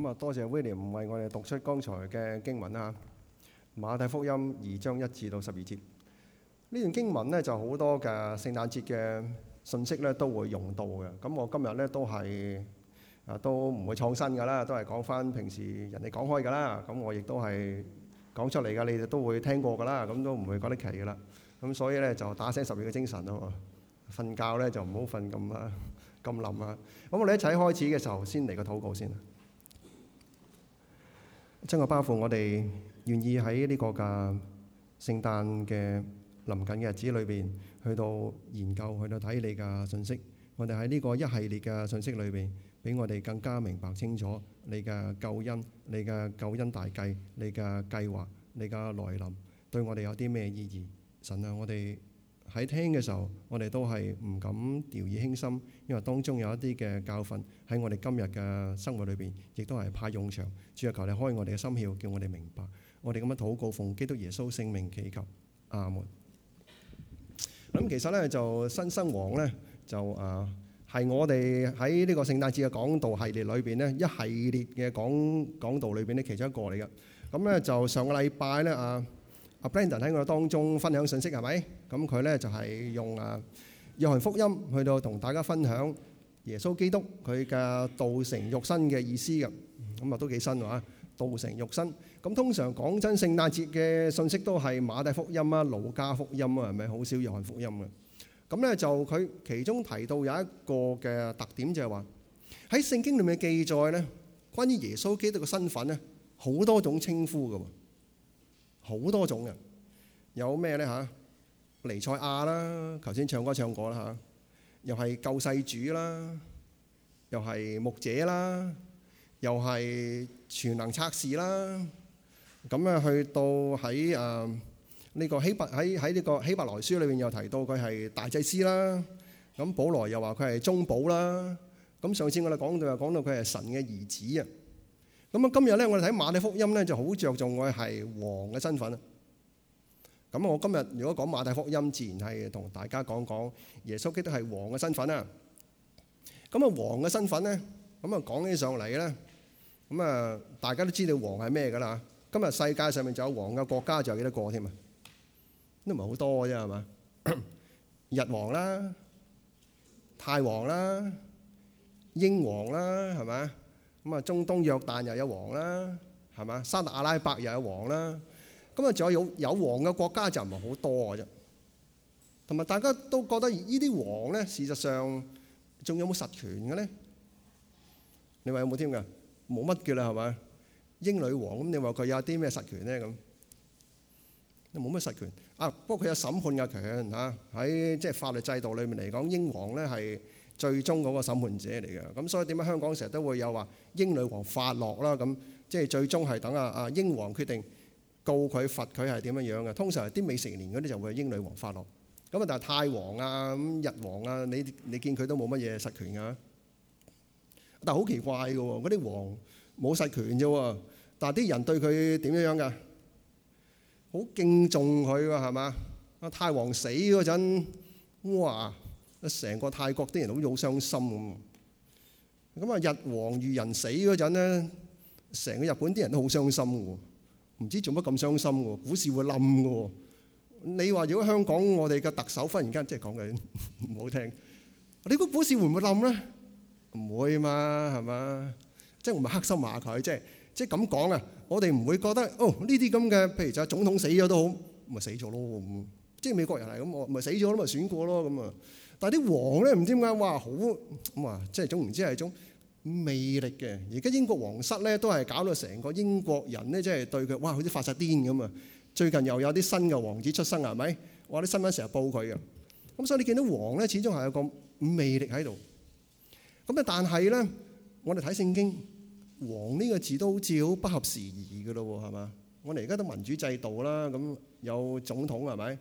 咁啊，多謝威廉為我哋讀出剛才嘅經文啦，《馬太福音》二章一至到十二節呢段經文咧，就好多嘅聖誕節嘅信息咧，都會用到嘅。咁我今日咧都係都唔會創新㗎啦，都係講翻平時人哋講開㗎啦。咁我亦都係講出嚟㗎，你都會聽過㗎啦，咁都唔會覺得奇㗎啦。咁所以咧就打醒十二個精神咯，瞓覺咧就唔好瞓咁啊，咁冧啊。咁我哋一齊開始嘅時候，先嚟個禱告先。真係包括我哋願意喺呢個嘅聖誕嘅臨近嘅日子裏邊，去到研究，去到睇你嘅信息。我哋喺呢個一系列嘅信息裏邊，俾我哋更加明白清楚你嘅救恩、你嘅救恩大計、你嘅計劃、你嘅來臨，對我哋有啲咩意義？神啊，我哋～喺聽嘅時候，我哋都係唔敢掉以輕心，因為當中有一啲嘅教訓喺我哋今日嘅生活裏邊，亦都係派用場。主啊，求你開我哋嘅心竅，叫我哋明白。我哋咁樣禱告，奉基督耶穌聖名祈求，阿門。咁其實咧就《新生王》咧就啊係我哋喺呢個聖誕節嘅講道系列裏邊咧，一系列嘅講講道裏邊咧，其中一個嚟嘅。咁咧就上個禮拜咧啊，阿 Brandon 喺我哋當中分享信息，係咪？咁佢咧就係用啊《約翰福音》去到同大家分享耶穌基督佢嘅道成肉身嘅意思嘅，咁啊都幾新啊！嚇，道成肉身咁通常講真聖誕節嘅信息都係馬太福音啊、路加福音啊，係咪好少《約翰福音》嘅？咁咧就佢其中提到有一個嘅特點就係話喺聖經裏面嘅記載咧，關於耶穌基督嘅身份咧，好多種稱呼㗎，好多種人，有咩咧嚇？彌賽亞啦，頭先唱歌唱過啦嚇，又係救世主啦，又係牧者啦，又係全能測試啦，咁啊去到喺誒呢個希伯喺喺呢個希伯來書裏邊又提到佢係大祭司啦，咁保羅又話佢係中保啦，咁上次我哋講到又講到佢係神嘅兒子啊，咁啊今日咧我哋睇馬太福音咧就好着重佢係王嘅身份啊。咁我今日如果講馬太福音，自然係同大家講講耶穌基督係王嘅身份啦。咁啊，王嘅身份咧，咁啊講起上嚟咧，咁啊大家都知道王係咩噶啦？今日世界上面仲有王嘅國家，仲有幾多個添啊？都唔係好多嘅啫，係嘛？日王啦，泰王啦，英王啦，係嘛？咁啊，中東約旦又有王啦，係嘛？沙特阿拉伯又有王啦。咁啊，仲有有王嘅國家就唔係好多嘅啫。同埋大家都覺得呢啲王咧，事實上仲有冇實權嘅咧？你話有冇添㗎？冇乜嘅啦，係咪？英女王咁，你話佢有啲咩實權咧？咁冇乜實權。啊，不過佢有審判嘅權嚇，喺即係法律制度裏面嚟講，英王咧係最終嗰個審判者嚟嘅。咁所以點解香港成日都會有話英女王發落啦？咁即係最終係等啊，啊英王決定。告佢、罰佢係點樣樣嘅？通常係啲未成年嗰啲就會英女王發落。咁啊，但係泰王啊、咁日王啊，你你見佢都冇乜嘢實權㗎。但係好奇怪嘅，嗰啲王冇實權啫。但係啲人對佢點樣樣嘅？好敬重佢㗎係嘛？泰王死嗰陣，哇！成個泰國啲人都好傷心咁。咁啊，日王遇人死嗰陣咧，成個日本啲人都好傷心嘅。唔知做乜咁傷心喎，股市會冧嘅喎。你話如果香港我哋嘅特首忽然間即係講緊唔好聽，你估股市會唔會冧咧？唔會嘛，係嘛？即係我唔係黑心話佢，即係即係咁講啊！我哋唔會覺得哦，呢啲咁嘅，譬如就總統死咗都好，咪死咗咯咁。即係美國人係咁，我咪死咗都咪選過咯咁啊。但係啲王咧唔知點解哇好咁啊，即係總唔知係一種。魅力嘅，而家英國皇室咧都係搞到成個英國人咧，即係對佢，哇！好似發晒癲咁啊！最近又有啲新嘅王子出生啊，係咪？哇，啲新聞成日報佢嘅，咁、嗯、所以你見到王咧，始終係有個魅力喺度。咁啊，但係咧，我哋睇聖經，王呢個字都好似好不合時宜嘅咯，係嘛？我哋而家都民主制度啦，咁、嗯、有總統係咪？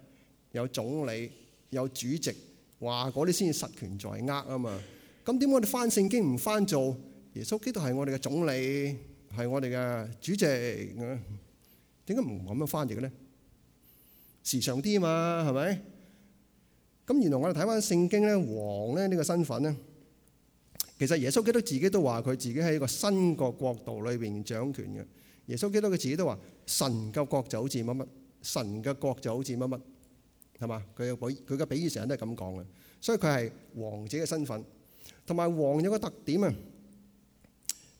有總理、有主席，話嗰啲先實權在握啊嘛。是咁點解我哋翻聖經唔翻做耶穌基督係我哋嘅總理，係我哋嘅主席？點解唔咁樣翻譯嘅咧？時尚啲吖嘛，係咪？咁原來我哋睇翻聖經咧，王咧呢個身份咧，其實耶穌基督自己都話佢自己喺一個新國國度裏邊掌權嘅。耶穌基督佢自己都話：神嘅國就好似乜乜，神嘅國就好似乜乜，係嘛？佢佢佢嘅比喻成日都係咁講嘅，所以佢係王者嘅身份。同埋王有個特點啊，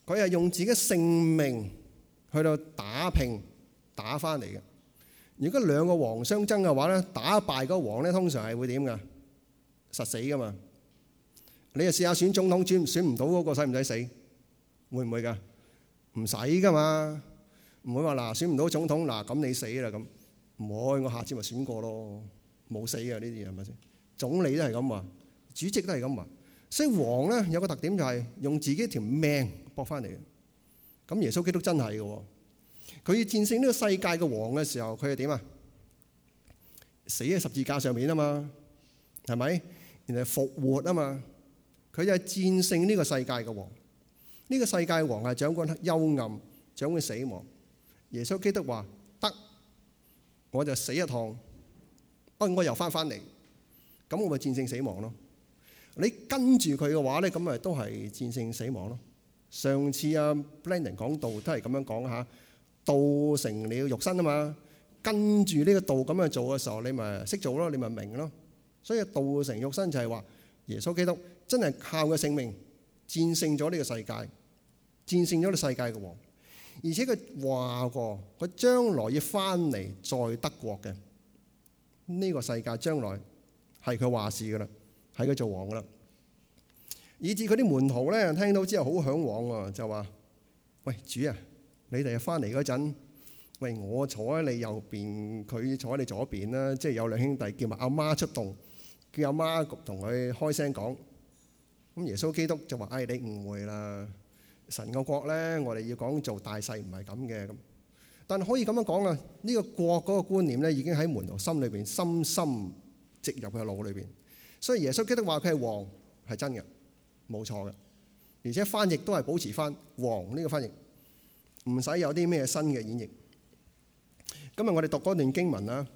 佢係用自己嘅性命去到打拼打翻嚟嘅。如果兩個王相爭嘅話咧，打敗嗰個王咧，通常係會點噶？實死噶嘛！你又試下選總統，選選唔到嗰個使唔使死？會唔會噶？唔使噶嘛，唔會話嗱，選唔到總統嗱，咁你死啦，咁唔會，我下次咪選過咯，冇死嘅呢啲嘢係咪先？總理都係咁話，主席都係咁話。所以王咧有個特點就係用自己條命搏翻嚟，咁耶穌基督真係嘅、哦，佢要戰勝呢個世界嘅王嘅時候，佢係點啊？死喺十字架上面啊嘛，係咪？然後復活啊嘛，佢就係戰勝呢個世界嘅王。呢、呢個世界王係掌管幽暗、掌管死亡。耶穌基督話：得，我就死一趟，哎，我又翻翻嚟，咁我咪戰勝死亡咯。你跟住佢嘅話咧，咁咪都係戰勝死亡咯。上次阿 Blending 講道都係咁樣講嚇，道成了肉身啊嘛，跟住呢個道咁樣做嘅時候，你咪識做咯，你咪明咯。所以道成肉身就係話耶穌基督真係靠佢嘅性命戰勝咗呢個世界，戰勝咗呢個世界嘅王。而且佢話過，佢將來要翻嚟再得國嘅呢個世界，將來係佢話事噶啦。喺佢做王噶啦，以至佢啲門徒咧聽到之後好向往啊，就話：喂主啊，你哋翻嚟嗰陣，喂我坐喺你右邊，佢坐喺你左邊啦。即係有兩兄弟叫埋阿媽出動，叫阿媽同佢開聲講。咁耶穌基督就話：唉，你誤會啦，神個國咧，我哋要講做大細唔係咁嘅咁。但係可以咁樣講啊，呢個國嗰個觀念咧已經喺門徒心裏邊深深植入佢腦裏邊。所以耶穌基督話佢係王係真嘅，冇錯嘅，而且翻譯都係保持翻王呢個翻譯，唔使有啲咩新嘅演繹。今日我哋讀嗰段經文啦，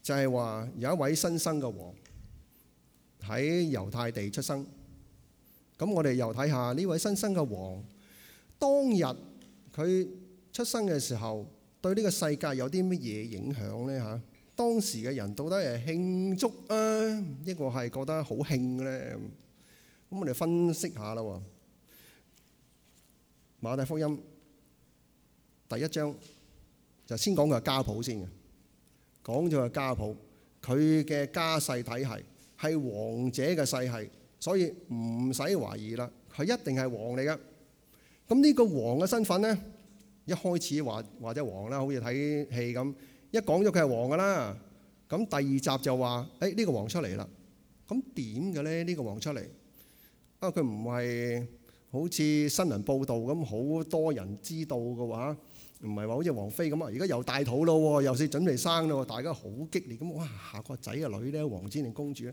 就係話有一位新生嘅王喺猶太地出生。咁我哋又睇下呢位新生嘅王，當日佢出生嘅時候，對呢個世界有啲乜嘢影響咧？嚇！當時嘅人到底係慶祝啊，一個係覺得好慶咧，咁我哋分析下啦。馬太福音第一章就先講佢係家譜先嘅。講咗個家譜，佢嘅家世體系係王者嘅世系，所以唔使懷疑啦，佢一定係王嚟㗎。咁呢個王嘅身份咧，一開始話或者王啦，好似睇戲咁。一講咗佢係王噶啦，咁第二集就話，誒呢個王出嚟啦，咁點嘅咧？呢個王出嚟，啊佢唔係好似新聞報道咁好多人知道嘅話，唔係話好似王菲咁啊，而家又大肚咯，又試準備生咯，大家好激烈，咁哇下個仔嘅女咧，王子定公主？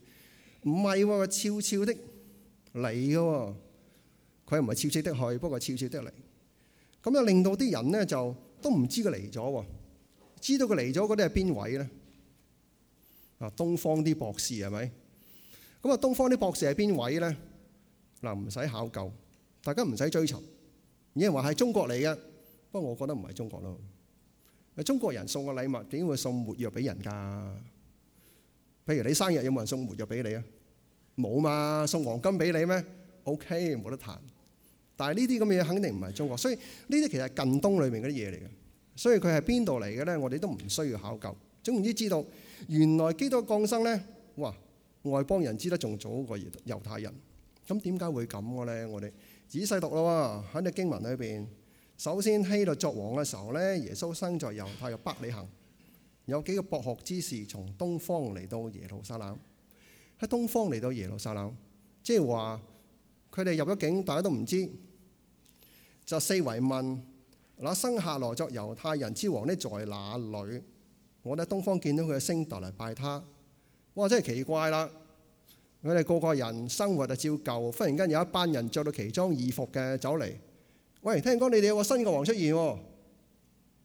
唔係喎，悄悄的嚟嘅喎，佢唔係悄悄的去，不過悄悄的嚟，咁又令到啲人咧就都唔知佢嚟咗喎。知道佢嚟咗嗰啲係邊位咧？啊，東方啲博士係咪？咁啊，東方啲博士係邊位咧？嗱，唔使考究，大家唔使追尋，有人話係中國嚟嘅，不過我覺得唔係中國咯。啊，中國人送個禮物點會送沒藥俾人㗎？譬如你生日有冇人送沒藥俾你啊？冇嘛，送黃金俾你咩？OK，冇得彈。但係呢啲咁嘅嘢肯定唔係中國，所以呢啲其實係近東裡面嗰啲嘢嚟嘅。所以佢係邊度嚟嘅咧？我哋都唔需要考究。總言之，知道原來基督降生咧，哇！外邦人知得仲早過猶猶太人。咁點解會咁嘅咧？我哋仔細讀咯喎，喺你經文裏邊，首先希律作王嘅時候咧，耶穌生在猶太嘅伯利恆，有幾個博學之士從東方嚟到耶路撒冷。喺東方嚟到耶路撒冷，即係話佢哋入咗境，大家都唔知。就四圍問。嗱，生下來作猶太人之王呢在哪裏？我哋喺東方見到佢嘅星，就嚟拜他。哇！真係奇怪啦！我哋個個人生活就照舊，忽然間有一班人着到奇裝異服嘅走嚟，喂，聽講你哋有個新嘅王出現喎？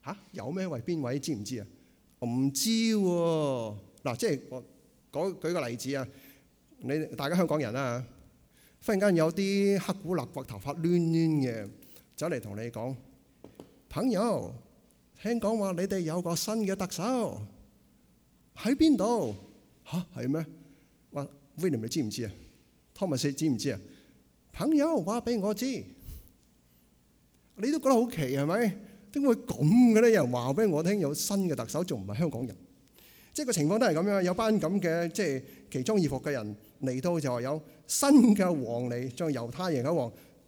嚇、啊，有咩？喂，邊位知唔知啊？唔知嗱、啊，即係我舉舉個例子啊！你大家香港人啦、啊、忽然間有啲黑古立國、白頭髮攣攣嘅走嚟同你講。朋友，聽講話你哋有個新嘅特首喺邊度？吓？係、啊、咩？喂，William，你知唔知啊？Thomas，你知唔知啊？朋友話俾我知，你都覺得好奇係咪？點會咁嘅咧？有人話俾我聽有新嘅特首，仲唔係香港人？即係個情況都係咁樣，有班咁嘅即係奇裝異服嘅人嚟到就話有新嘅王嚟，即係猶太人嘅王。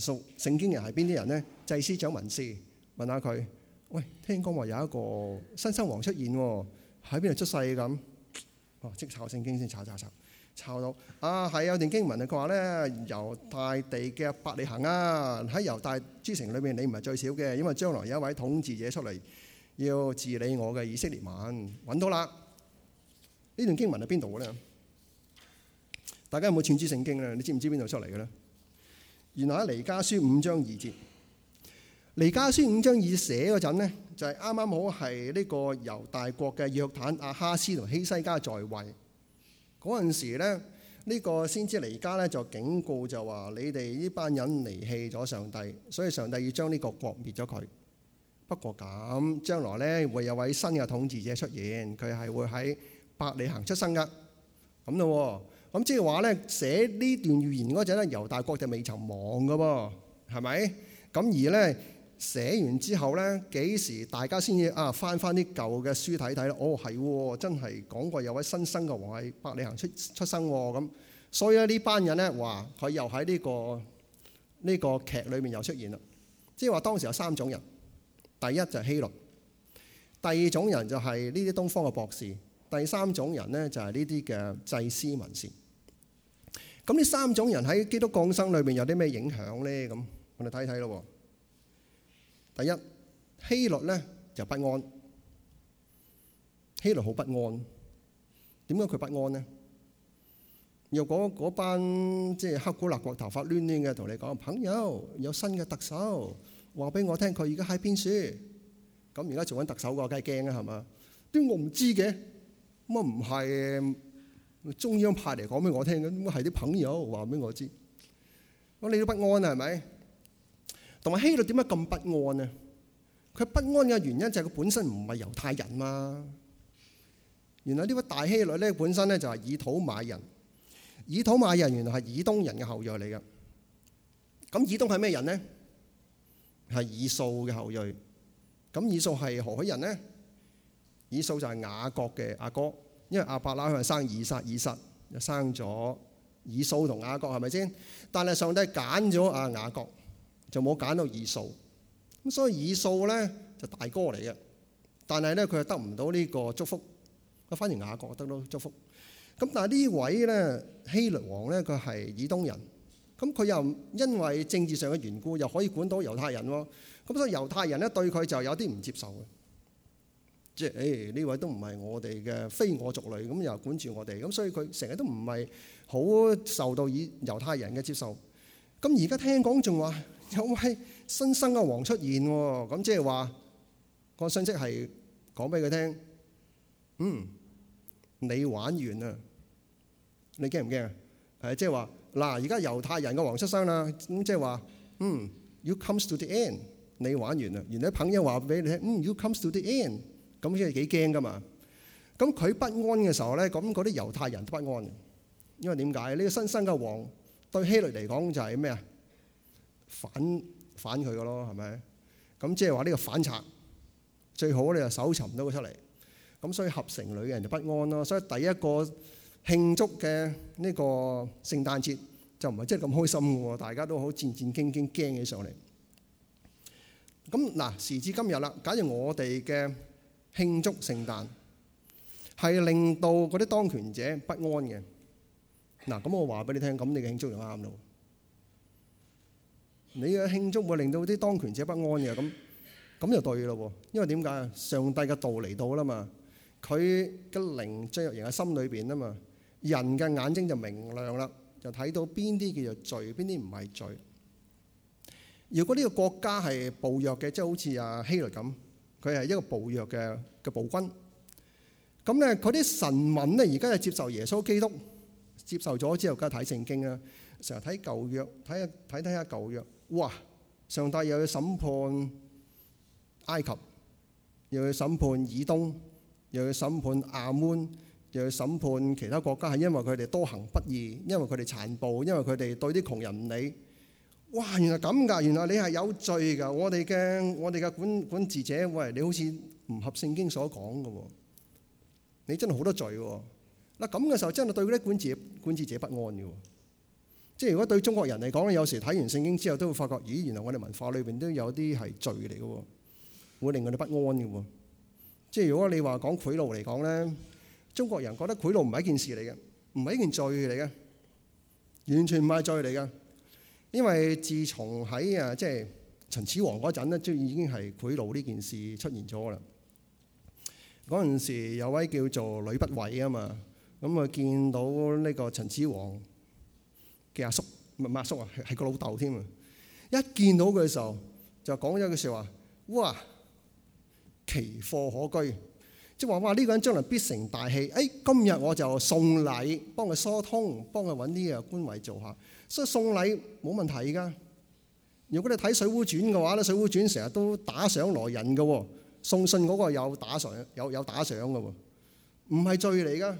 屬聖經人係邊啲人咧？祭司長、文士，問下佢。喂，聽講話有一個新生王出現，哦，喺邊度出世咁？哦，即抄聖經先，抄抄抄，抄到啊，係有段經文啊，佢話咧，猶大地嘅伯利恆啊，喺猶大之城裏面，你唔係最少嘅，因為將來有一位統治者出嚟要治理我嘅以色列民。揾到啦，呢段經文係邊度嘅咧？大家有冇串珠聖經咧？你知唔知邊度出嚟嘅咧？原後喺《尼加書》五章二節，《尼加書》五章二寫嗰陣咧，就係啱啱好係呢個由大國嘅約坦阿哈斯同希西加在位嗰陣時咧，呢、這個先知尼加咧就警告就話：你哋呢班人離棄咗上帝，所以上帝要將呢個國滅咗佢。不過咁將來咧，會有位新嘅統治者出現，佢係會喺百里行出生噶，咁咯、哦。咁即係話咧，寫段語呢段預言嗰陣咧，猶大國就未曾亡噶喎，係咪？咁而咧寫完之後咧，幾時大家先至啊翻翻啲舊嘅書睇睇咧？哦係喎、哦，真係講過有位新生嘅王喺伯利恆出出生喎、哦、咁。所以咧呢班人咧話佢又喺呢、呢個呢、呢個劇裏面又出現啦。即係話當時有三種人，第一就係希律，第二種人就係呢啲東方嘅博士，第三種人咧就係呢啲嘅祭司文士。咁呢三種人喺基督降生裏面有啲咩影響咧？咁我哋睇睇咯。第一，希律咧就不安，希律好不安。點解佢不安咧？若果嗰班即係黑咕辣國頭髮攣攣嘅，同你講朋友有新嘅特首，話俾我聽佢而家喺邊處。咁而家做緊特首個，梗係驚啦，係嘛？點我唔知嘅，乜唔係？中央派嚟講俾我聽，咁係啲朋友話俾我知。咁你都不安啊，係咪？同埋希律點解咁不安啊？佢不安嘅原因就係佢本身唔係猶太人嘛。原來呢位大希律咧，本身咧就係以土買人，以土買人原來係以東人嘅後裔嚟嘅。咁以東係咩人呢？係以掃嘅後裔。咁以掃係何許人呢？以掃就係雅各嘅阿哥。因為亞伯拉罕生以撒，以撒又生咗以掃同雅各，係咪先？但係上帝揀咗阿雅各，就冇揀到以掃。咁所以以掃咧就大哥嚟嘅，但係咧佢又得唔到呢個祝福，佢反而雅各得到祝福。咁但係呢位咧希律王咧，佢係以東人，咁佢又因為政治上嘅緣故，又可以管到猶太人喎。咁所以猶太人咧對佢就有啲唔接受嘅。即係呢位都唔係我哋嘅非我族類，咁又管住我哋，咁所以佢成日都唔係好受到以猶太人嘅接受。咁而家聽講仲話有位新生嘅王出現喎，咁即係話個訊息係講俾佢聽，嗯，你玩完啦，你驚唔驚？誒，即係話嗱，而家猶太人嘅王出生啦，咁即係話嗯，you comes to the end，你玩完啦。然後朋友話俾你聽，嗯，you comes to the end。咁先係幾驚噶嘛。咁佢不安嘅時候咧，咁嗰啲猶太人都不安，因為點解呢？個新生嘅王對希律嚟講就係咩啊？反反佢㗎咯，係咪？咁即係話呢個反賊最好你就搜尋到佢出嚟。咁所以合城裏嘅人就不安咯。所以第一個慶祝嘅呢個聖誕節就唔係真係咁開心嘅喎，大家都好戰戰兢兢，驚起上嚟。咁嗱，時至今日啦，假如我哋嘅……慶祝聖誕係令到嗰啲當權者不安嘅。嗱，咁我話俾你聽，咁你嘅慶祝就啱啦。你嘅慶祝會令到啲當權者不安嘅，咁咁就對咯。因為點解啊？上帝嘅道嚟到啦嘛，佢嘅靈進入人嘅心裏邊啊嘛，人嘅眼睛就明亮啦，就睇到邊啲叫做罪，邊啲唔係罪。如果呢個國家係暴虐嘅，即係好似啊希律咁。佢係一個暴虐嘅嘅暴君，咁咧佢啲神民咧而家係接受耶穌基督，接受咗之後梗係睇聖經啦，成日睇舊約，睇下睇睇下舊約，哇！上帝又要審判埃及，又要審判以東，又要審判亞門，又要審判其他國家，係因為佢哋多行不義，因為佢哋殘暴，因為佢哋對啲窮人唔理。哇，原來咁噶！原來你係有罪噶。我哋嘅我哋嘅管管治者，喂，你好似唔合聖經所講嘅喎。你真係好多罪喎。嗱，咁嘅時候真係對嗰啲管治管治者不安嘅喎。即係如果對中國人嚟講咧，有時睇完聖經之後都會發覺，咦，原來我哋文化裏邊都有啲係罪嚟嘅喎，會令我哋不安嘅喎。即係如果你話講賄賂嚟講咧，中國人覺得賄賂唔係一件事嚟嘅，唔係一件罪嚟嘅，完全唔係罪嚟嘅。因為自從喺啊，即係秦始皇嗰陣咧，即已經係賄賂呢件事出現咗啦。嗰陣時有位叫做呂不韋啊嘛，咁啊見到呢個秦始皇嘅阿叔，唔係阿叔啊，係係個老豆添啊。一見到佢嘅時候，就講咗句説話，哇，奇貨可居，即係話哇，呢、呢個人將來必成大器。誒、哎，今日我就送禮，幫佢疏通，幫佢揾啲啊官位做下。所以送禮冇問題噶。如果你睇《水滸傳》嘅話咧，《水滸傳》成日都打賞來人嘅喎。送信嗰個有打賞，有有打賞嘅喎，唔係罪嚟噶。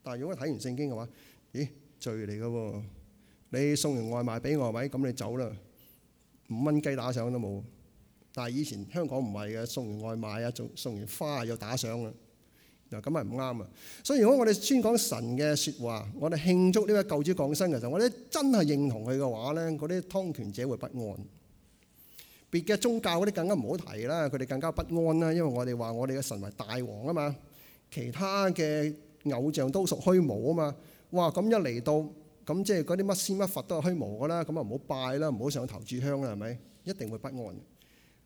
但係如果睇完《聖經》嘅話，咦，罪嚟嘅喎。你送完外賣俾我，咪咁你走啦。五蚊雞打賞都冇。但係以前香港唔係嘅，送完外賣啊，送送完花又打賞嘅。嗱咁咪唔啱啊！所以如果我哋先講神嘅説話，我哋慶祝呢位救主降生嘅時候，我哋真係認同佢嘅話咧，嗰啲掌權者會不安。別嘅宗教嗰啲更加唔好提啦，佢哋更加不安啦，因為我哋話我哋嘅神為大王啊嘛，其他嘅偶像都屬虛無啊嘛。哇！咁一嚟到咁即係嗰啲乜仙乜佛都係虛無㗎啦，咁啊唔好拜啦，唔好上頭炷香啦，係咪？一定會不安。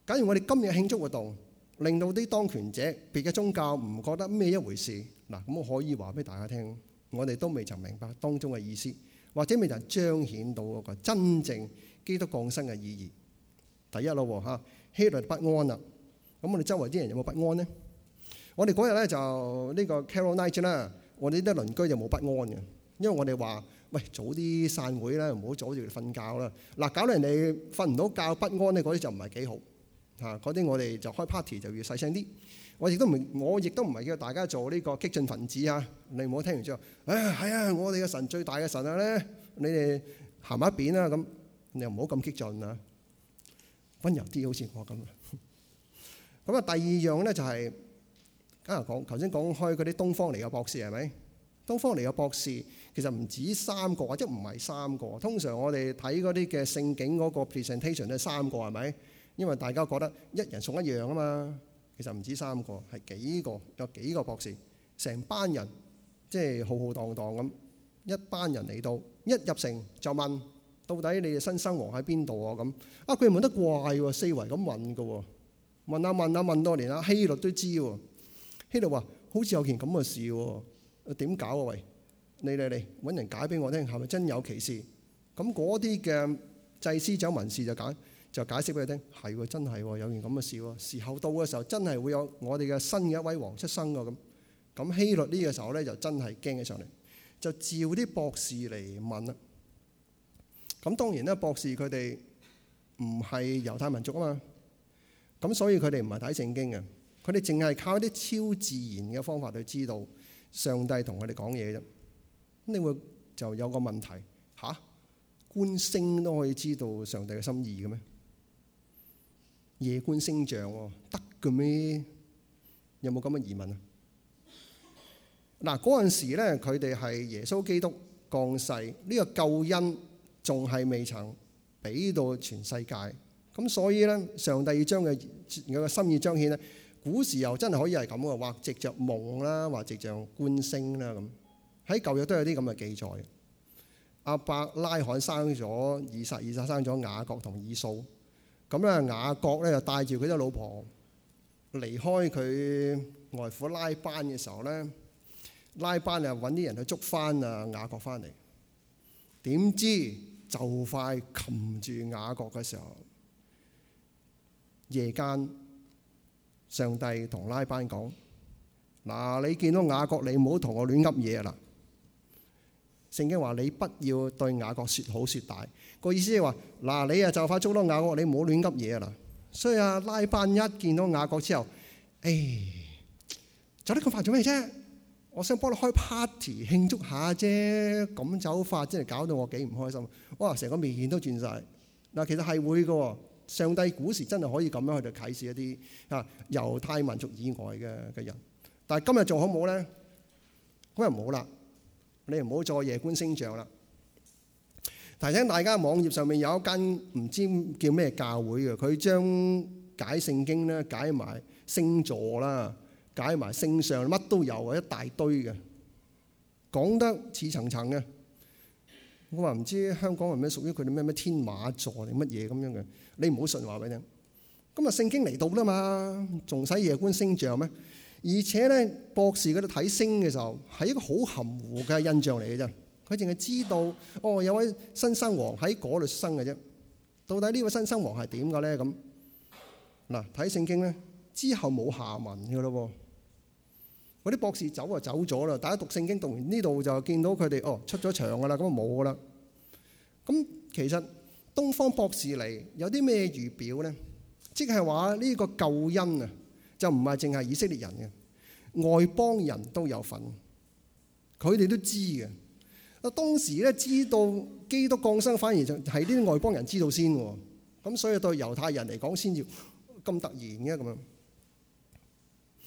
假如我哋今日慶祝活動，令到啲當權者別嘅宗教唔覺得咩一回事嗱，咁我可以話俾大家聽，我哋都未曾明白當中嘅意思，或者未曾彰顯到嗰個真正基督降生嘅意義。第一咯嚇，希律不安啦。咁我哋周圍啲人有冇不安咧？我哋嗰日咧就呢個 Carol Night 啦，我哋啲鄰居就冇不安嘅，因為我哋話：喂，早啲散會啦，唔好阻住嚟瞓覺啦。嗱，搞到人哋瞓唔到覺不安咧，嗰啲就唔係幾好。嚇！嗰啲、啊、我哋就開 party 就要細聲啲。我亦都唔，我亦都唔係叫大家做呢個激進分子啊！你唔好聽完之後，唉、哎，係啊！我哋嘅神最大嘅神啊咧，你哋行一邊啊。咁，你又唔好咁激進啊，溫柔啲好似我咁。咁 啊、嗯，第二樣咧就係、是，啱啱講頭先講開嗰啲東方嚟嘅博士係咪？東方嚟嘅博士其實唔止三個或者唔係三個？通常我哋睇嗰啲嘅聖景嗰個 presentation 都係三個係咪？是因為大家覺得一人送一樣啊嘛，其實唔止三個，係幾個，有幾個博士，成班人即係浩浩蕩蕩咁，一班人嚟到一入城就問到底你哋新生王喺邊度啊？咁啊，佢問得怪喎，四圍咁問噶喎，問啊問啊問到連阿希律都知喎，希律話好似有件咁嘅事喎，點搞啊喂，嚟嚟嚟揾人解俾我聽係咪真有其事？咁嗰啲嘅祭司長文士就解。就解釋俾佢聽，係喎，真係喎，有件咁嘅事喎。時候到嘅時候，真係會有我哋嘅新嘅一位王出生嘅咁。咁希律呢個時候咧，就真係驚起上嚟，就召啲博士嚟問啦。咁當然咧，博士佢哋唔係猶太民族啊嘛，咁所以佢哋唔係睇聖經嘅，佢哋淨係靠一啲超自然嘅方法去知道上帝同佢哋講嘢啫。咁你會就有個問題嚇、啊，觀星都可以知道上帝嘅心意嘅咩？夜觀星象，得嘅咩？有冇咁嘅疑問啊？嗱，嗰陣時咧，佢哋係耶穌基督降世，呢個救恩仲係未曾俾到全世界，咁所以咧，上帝要將佢佢嘅心意彰顯咧，古時又真係可以係咁啊，或藉着夢啦，或藉着觀星啦，咁喺舊約都有啲咁嘅記載。亞伯拉罕生咗以撒，以撒生咗雅各同以掃。咁咧，雅各咧就帶住佢隻老婆離開佢外父拉班嘅時候咧，拉班就搵啲人去捉翻啊雅各翻嚟。點知就快擒住雅各嘅時候，夜間上帝同拉班講：嗱，你見到雅各，你唔好同我亂噏嘢喇！聖經話：你不要對雅各説好説大，個意思係話嗱，你啊就快捉到雅各，你唔好亂噏嘢啦。所以阿拉班一見到雅各之後，誒、哎、走得咁快做咩啫？我想幫你開 party 慶祝下啫，咁走法真係搞到我幾唔開心。哇！成個面都轉晒。嗱，其實係會嘅。上帝古時真係可以咁樣去到啟示一啲嚇猶太民族以外嘅嘅人，但係今日做好冇咧？今日冇啦。你唔好再夜觀星象啦！提醒大家，網頁上面有一間唔知叫咩教會嘅，佢將解聖經咧，解埋星座啦，解埋聖上乜都有啊，一大堆嘅，講得似層層嘅。我話唔知香港係咩屬於佢哋咩咩天馬座定乜嘢咁樣嘅，你唔好信話俾你聽。今日聖經嚟到啦嘛，仲使夜觀星象咩？而且咧，博士佢哋睇星嘅時候，係一個好含糊嘅印象嚟嘅啫。佢淨係知道，哦，有位新生王喺嗰度生嘅啫。到底呢位新生王係點嘅咧？咁嗱，睇聖經咧，之後冇下文嘅咯噃。嗰啲博士走就走咗啦。大家讀聖經讀完呢度就見到佢哋，哦，出咗場噶啦，咁就冇噶啦。咁其實東方博士嚟有啲咩預表咧？即係話呢個救恩啊！就唔係淨係以色列人嘅外邦人都有份，佢哋都知嘅。嗱，當時咧，知道基督降生，反而就係呢啲外邦人知道先喎。咁所以對猶太人嚟講先要咁突然嘅咁樣。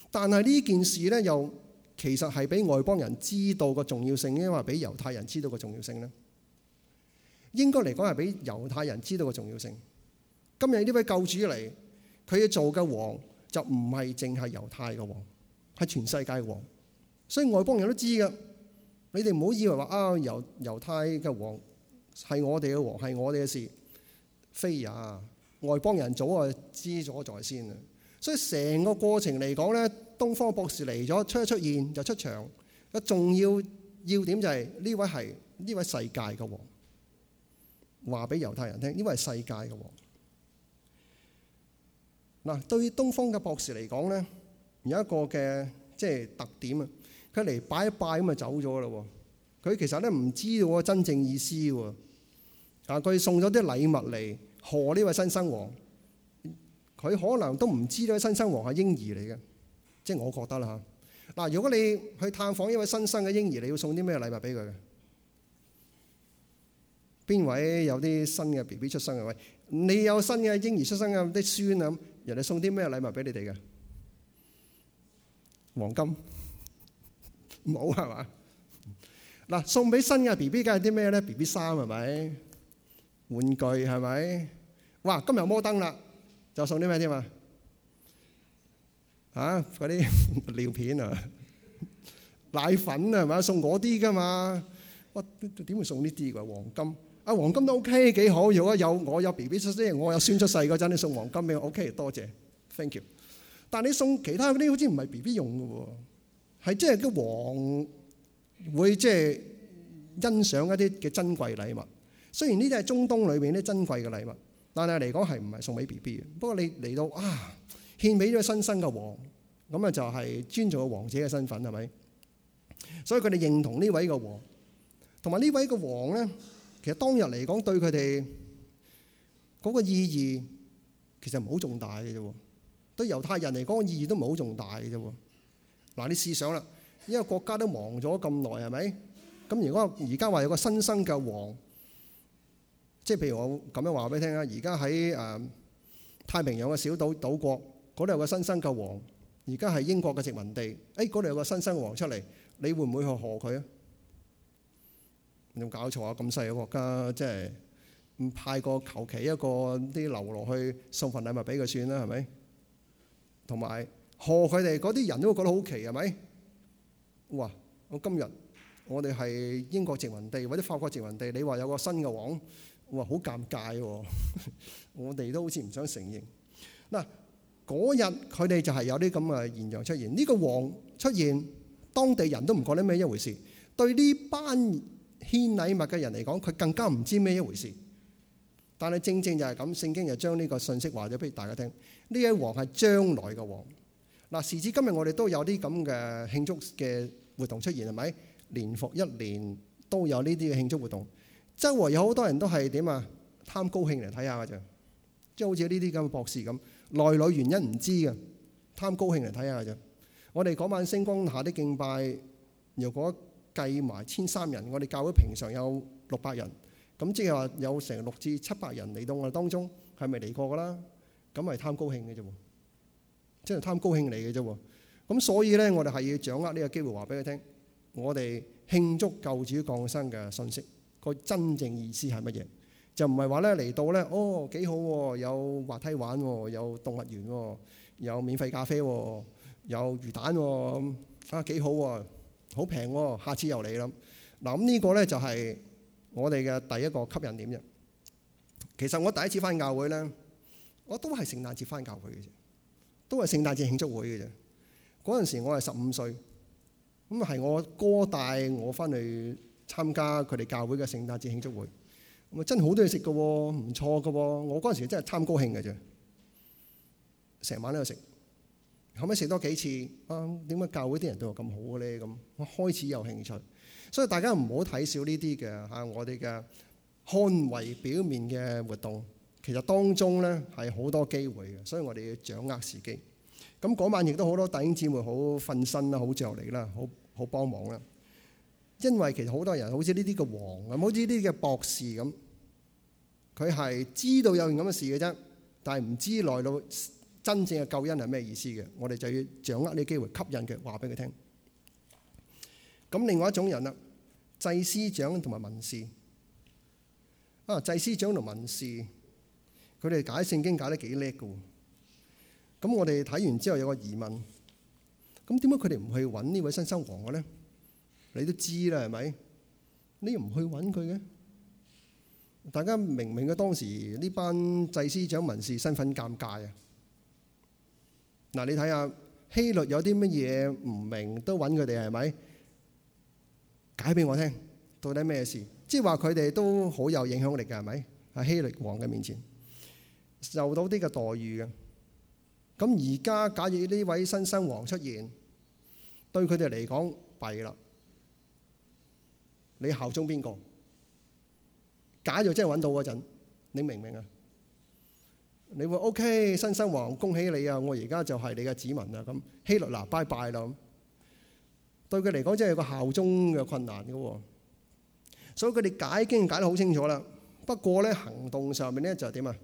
但係呢件事咧，又其實係俾外邦人知道個重要性，因為俾猶太人知道個重要性咧，應該嚟講係俾猶太人知道個重要性。今日呢位救主嚟，佢要做嘅王。就唔係淨係猶太嘅王，係全世界嘅王，所以外邦人都知㗎。你哋唔好以為話啊，猶猶太嘅王係我哋嘅王，係我哋嘅事，非也。外邦人早啊知咗在先啊，所以成個過程嚟講咧，東方博士嚟咗出一出現就出場。個重要要點就係、是、呢位係呢位世界嘅王，話俾猶太人聽，呢位係世界嘅王。嗱，對於東方嘅博士嚟講咧，有一個嘅即係特點啊，佢嚟拜一拜咁就走咗啦喎。佢其實咧唔知道個真正意思喎。啊，佢送咗啲禮物嚟賀呢位新生王，佢可能都唔知道呢位新生王係嬰兒嚟嘅，即係我覺得啦嚇。嗱，如果你去探訪一位新生嘅嬰兒，你要送啲咩禮物俾佢？邊位有啲新嘅 B B 出生嘅？喂，你有新嘅嬰兒出生嘅啲孫啊？人哋送啲咩禮物俾你哋嘅？黃金冇係嘛？嗱，送俾新嘅 B B，梗係啲咩咧？B B 衫係咪？玩具係咪？哇，今日摩登啦，就送啲咩添啊？吓，嗰啲尿片啊，奶粉啊，係咪？送嗰啲噶嘛？喂，點會送呢啲嘅黃金？阿黃金都 OK 幾好，如果有我有 BB 出世，我有孫出世嗰陣，你送黃金俾我 OK，多謝。Thank you。但你送其他嗰啲好似唔係 BB 用嘅喎，係即係個王會即係欣賞一啲嘅珍貴禮物。雖然呢啲係中東裏邊啲珍貴嘅禮物，但係嚟講係唔係送俾 BB 嘅。不過你嚟到啊，獻俾咗新生嘅王，咁啊就係尊重個王者嘅身份係咪？所以佢哋認同呢位個王，同埋呢位個王咧。其實當日嚟講，對佢哋嗰個意義其實唔好重大嘅啫喎。對猶太人嚟講，意義都唔好重大嘅啫喎。嗱，你試想啦，呢個國家都亡咗咁耐，係咪？咁如果而家話有個新生嘅王，即係譬如我咁樣話俾你聽啊，而家喺誒太平洋嘅小島島國嗰度有個新生嘅王，而家係英國嘅殖民地，誒嗰度有個新生嘅王出嚟，你會唔會去賀佢啊？冇搞錯啊！咁細嘅國家，即係唔派個求其一個啲流落去送份禮物俾佢算啦，係咪？同埋賀佢哋嗰啲人都會覺得好奇，係咪？哇！我今日我哋係英國殖民地或者法國殖民地，你話有個新嘅王，哇好尷尬。我哋都好似唔想承認。嗱，嗰日佢哋就係有啲咁嘅現象出現，呢個王出現，當地人都唔覺得咩一回事。對呢班獻禮物嘅人嚟講，佢更加唔知咩一回事。但係正正就係咁，聖經就將呢個信息話咗俾大家聽。呢一王係將來嘅王。嗱，時至今日，我哋都有啲咁嘅慶祝嘅活動出現，係咪？年復一年都有呢啲嘅慶祝活動。周圍有好多人都係點啊？貪高興嚟睇下嘅啫，即係好似呢啲咁嘅博士咁，內裏原因唔知嘅，貪高興嚟睇下嘅啫。我哋嗰晚星光下啲敬拜，如果計埋千三人，我哋教會平常有六百人，咁即係話有成六至七百人嚟到我哋當中，係咪嚟過㗎啦？咁係貪高興嘅啫，即係貪高興嚟嘅啫。咁所以咧，我哋係要掌握呢個機會，話俾佢聽，我哋慶祝救主降生嘅信息個真正意思係乜嘢？就唔係話咧嚟到咧，哦幾好啊，有滑梯玩啊，有動物園啊，有免費咖啡啊，有魚蛋啊，啊幾好啊。好平喎，下次又嚟啦。嗱咁呢個咧就係我哋嘅第一個吸引點啫。其實我第一次返教會咧，我都係聖誕節返教會嘅啫，都係聖誕節慶祝會嘅啫。嗰陣時我係十五歲，咁啊係我哥帶我返去參加佢哋教會嘅聖誕節慶祝會。咁啊真係好多嘢食㗎喎，唔錯㗎喎。我嗰陣時真係貪高興嘅啫，成晚都喺度食。可唔可以食多幾次啊？點解教會啲人對我咁好嘅咧？咁、啊、我開始有興趣，所以大家唔好睇少呢啲嘅嚇，我哋嘅看為表面嘅活動，其實當中咧係好多機會嘅，所以我哋要掌握時機。咁、那、嗰、個、晚亦都好多弟兄姊妹好瞓身啦，好着力啦，好好幫忙啦。因為其實好多人好似呢啲嘅王咁，好似呢啲嘅博士咁，佢係知道有件咁嘅事嘅啫，但係唔知來到。真正嘅救恩係咩意思嘅？我哋就要掌握呢個機會，吸引佢話俾佢聽。咁另外一種人啦，祭司長同埋文士啊，祭司長同文士佢哋解聖經解得幾叻嘅喎。咁我哋睇完之後有個疑問，咁點解佢哋唔去揾呢位新生王嘅咧？你都知啦，係咪？你唔去揾佢嘅？大家明唔明？嘅當時呢班祭司長文士身份尷尬啊！嗱，你睇下希律有啲乜嘢唔明都揾佢哋係咪？解俾我聽，到底咩事？即係話佢哋都好有影響力嘅係咪？喺希律王嘅面前受到啲嘅待遇嘅。咁而家假若呢位新生王出現，對佢哋嚟講弊啦。你效忠邊個？假若真係揾到嗰陣，你明唔明啊？你話 OK，新生王，恭喜你啊！我而家就係你嘅子民啊，咁希律嗱，拜拜啦。對佢嚟講，真係個效忠嘅困難嘅。所以佢哋解經解得好清楚啦。不過咧，行動上面咧就係點啊？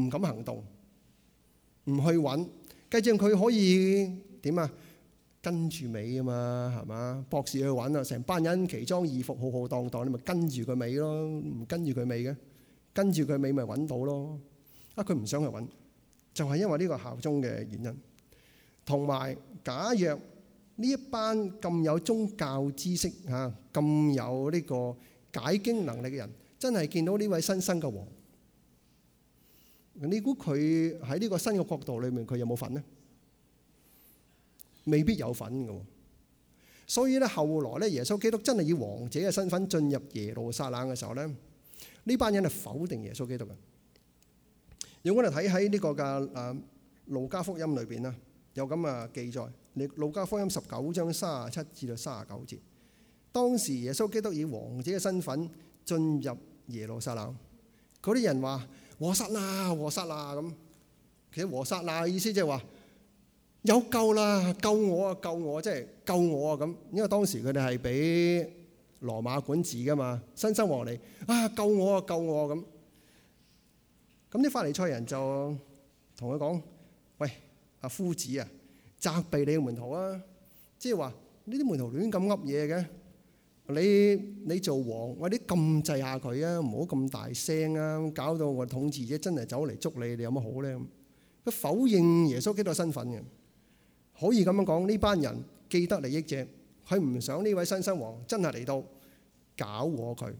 唔敢行動，唔去揾。跟住佢可以點啊？跟住尾啊嘛，係嘛？博士去揾啊，成班人奇裝異服，浩浩蕩蕩，你咪跟住佢尾咯。唔跟住佢尾嘅，跟住佢尾咪揾到咯。啊！佢唔想去揾，就係因為呢個效忠嘅原因。同埋假若呢一班咁有宗教知識吓、咁有呢個解經能力嘅人，真係見到呢位新生嘅王，你估佢喺呢個新嘅國度裏面佢有冇份呢？未必有份㗎。所以咧，後來咧，耶穌基督真係以王者嘅身份進入耶路撒冷嘅時候咧，呢班人係否定耶穌基督嘅。如果我哋睇喺呢個嘅啊路加福音裏邊啦，有咁啊記載，你路加福音十九章卅七至到卅九節，當時耶穌基督以王者嘅身份進入耶路撒冷，嗰啲人話，和散那、和散那咁，其實和散那意思即係話有救啦，救我啊救我，即係救我啊咁，因為當時佢哋係俾羅馬管治噶嘛，新生王嚟啊救我啊救我咁。咁啲法利賽人就同佢講，喂，阿夫子啊，責備你嘅門徒啊，即係話呢啲門徒亂咁噏嘢嘅。你你做王，我哋禁制下佢啊，唔好咁大聲啊，搞到我統治者真係走嚟捉你，你有乜好咧？佢否認耶穌基督嘅身份嘅，可以咁樣講，呢班人既得利益者，佢唔想呢位新生王真係嚟到搞禍佢，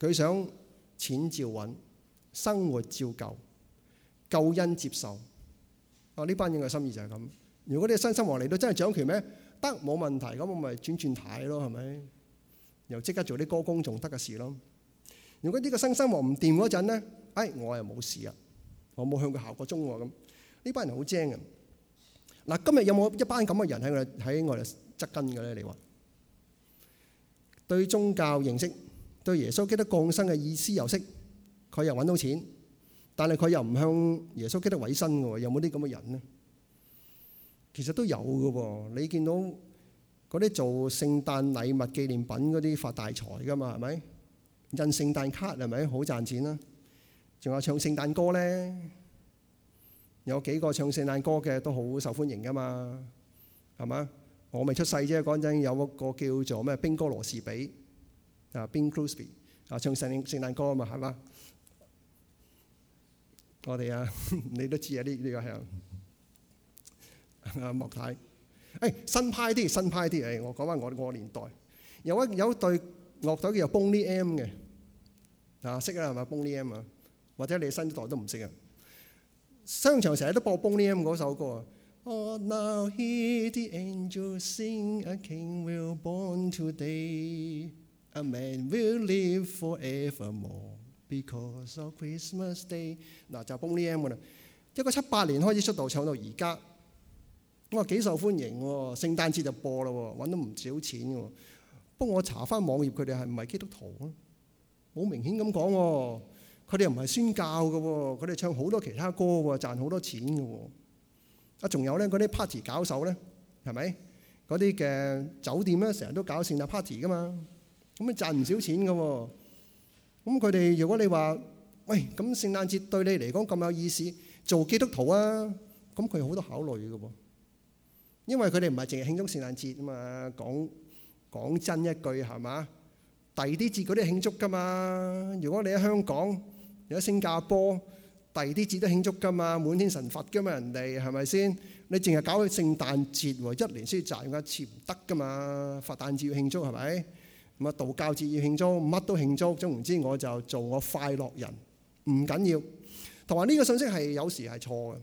佢想錢照揾。生活照舊，救恩接受。啊，呢班人嘅心意就係咁。如果啲新生王嚟到真係掌權咩？得冇問題，咁我咪轉轉軚咯，係咪？又即刻做啲歌功仲得嘅事咯。如果呢個新生王唔掂嗰陣咧，哎，我又冇事啊。我冇向佢效個忠喎咁。呢班人好精啊。嗱，今日有冇一班咁嘅人喺我喺我哋側跟嘅咧？你話對宗教認識，對耶穌基督降生嘅意思又識？佢又揾到錢，但係佢又唔向耶穌基督委身嘅。有冇啲咁嘅人咧？其實都有嘅喎。你見到嗰啲做聖誕禮物紀念品嗰啲發大財嘅嘛，係咪？印聖誕卡係咪好賺錢啊？仲有唱聖誕歌咧，有幾個唱聖誕歌嘅都好受歡迎嘅嘛，係嘛？我未出世啫，講真，有個叫做咩冰哥羅士比啊，Bing Crosby 啊，唱聖聖誕歌啊嘛係嘛？我哋啊，你都知啊，呢呢個係啊，莫太，誒新派啲，新派啲，誒我講翻我我年代，有啊有對樂隊叫 Boney M 嘅，啊識啊係咪 Boney M 啊？或者你新代都唔識啊，商場成日都播 Boney M 嗰首歌啊。Oh now hear the angels sing, a king will born today, a man will live forevermore. Because of Christmas Day 嗱就 Boney M 啦，一個七八年開始出道，唱到而家，我話幾受歡迎喎，聖誕節就播啦喎，揾到唔少錢嘅。不過我查翻網頁，佢哋係唔係基督徒啊？好明顯咁講喎，佢哋又唔係宣教嘅，佢哋唱好多其他歌喎，賺好多錢嘅。啊，仲有咧嗰啲 party 搞手咧，係咪？嗰啲嘅酒店咧，成日都搞聖誕 party 噶嘛，咁啊賺唔少錢嘅。咁佢哋如果你話，喂，咁聖誕節對你嚟講咁有意思，做基督徒啊，咁佢好多考慮嘅喎，因為佢哋唔係淨係慶祝聖誕節啊嘛。講講真一句係嘛，第二啲節嗰啲慶祝㗎嘛。如果你喺香港，如果喺新加坡，第二啲節都慶祝㗎嘛，滿天神佛㗎嘛，人哋係咪先？你淨係搞去聖誕節，一年先賺一次唔得㗎嘛？佛誕節要慶祝係咪？咁啊，道教節要慶祝，乜都慶祝。總言之，我就做我快樂人，唔緊要。同埋呢個信息係有時係錯嘅。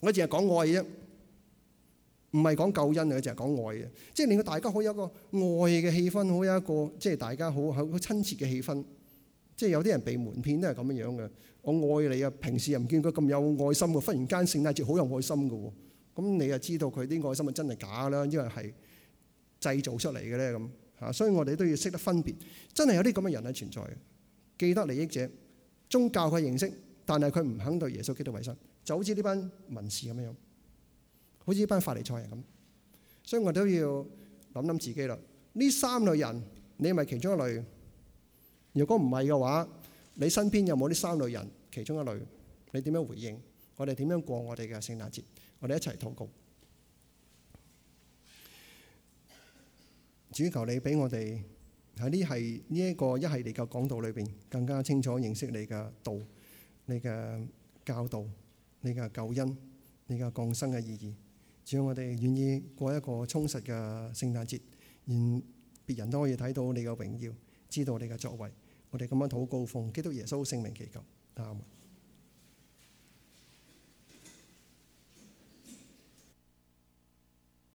我淨係講愛啫，唔係講救恩啊。淨係講愛嘅，即係令到大家好有一個愛嘅氣氛，好有一個即係大家好好好親切嘅氣氛。即係有啲人被蒙騙都係咁樣樣嘅。我愛你啊，平時又唔見佢咁有愛心喎，忽然間聖誕節好有愛心㗎喎，咁你又知道佢啲愛心係真係假啦，因為係製造出嚟嘅咧咁。啊！所以我哋都要識得分別，真係有啲咁嘅人係存在嘅，既得利益者，宗教佢認識，但係佢唔肯對耶穌基督委身，就好似呢班文士咁樣樣，好似呢班法利賽人咁。所以我哋都要諗諗自己啦。呢三類人，你係咪其中一類？如果唔係嘅話，你身邊有冇呢三類人其中一類？你點樣回應？我哋點樣過我哋嘅聖誕節？我哋一齊禱告。主求你俾我哋喺呢系呢一個一系列嘅講道裏邊，更加清楚認識你嘅道、你嘅教導、你嘅救恩、你嘅降生嘅意義。只要我哋願意過一個充實嘅聖誕節，讓別人都可以睇到你嘅榮耀，知道你嘅作為。我哋咁樣禱告奉基督耶穌聖名祈求，阿門。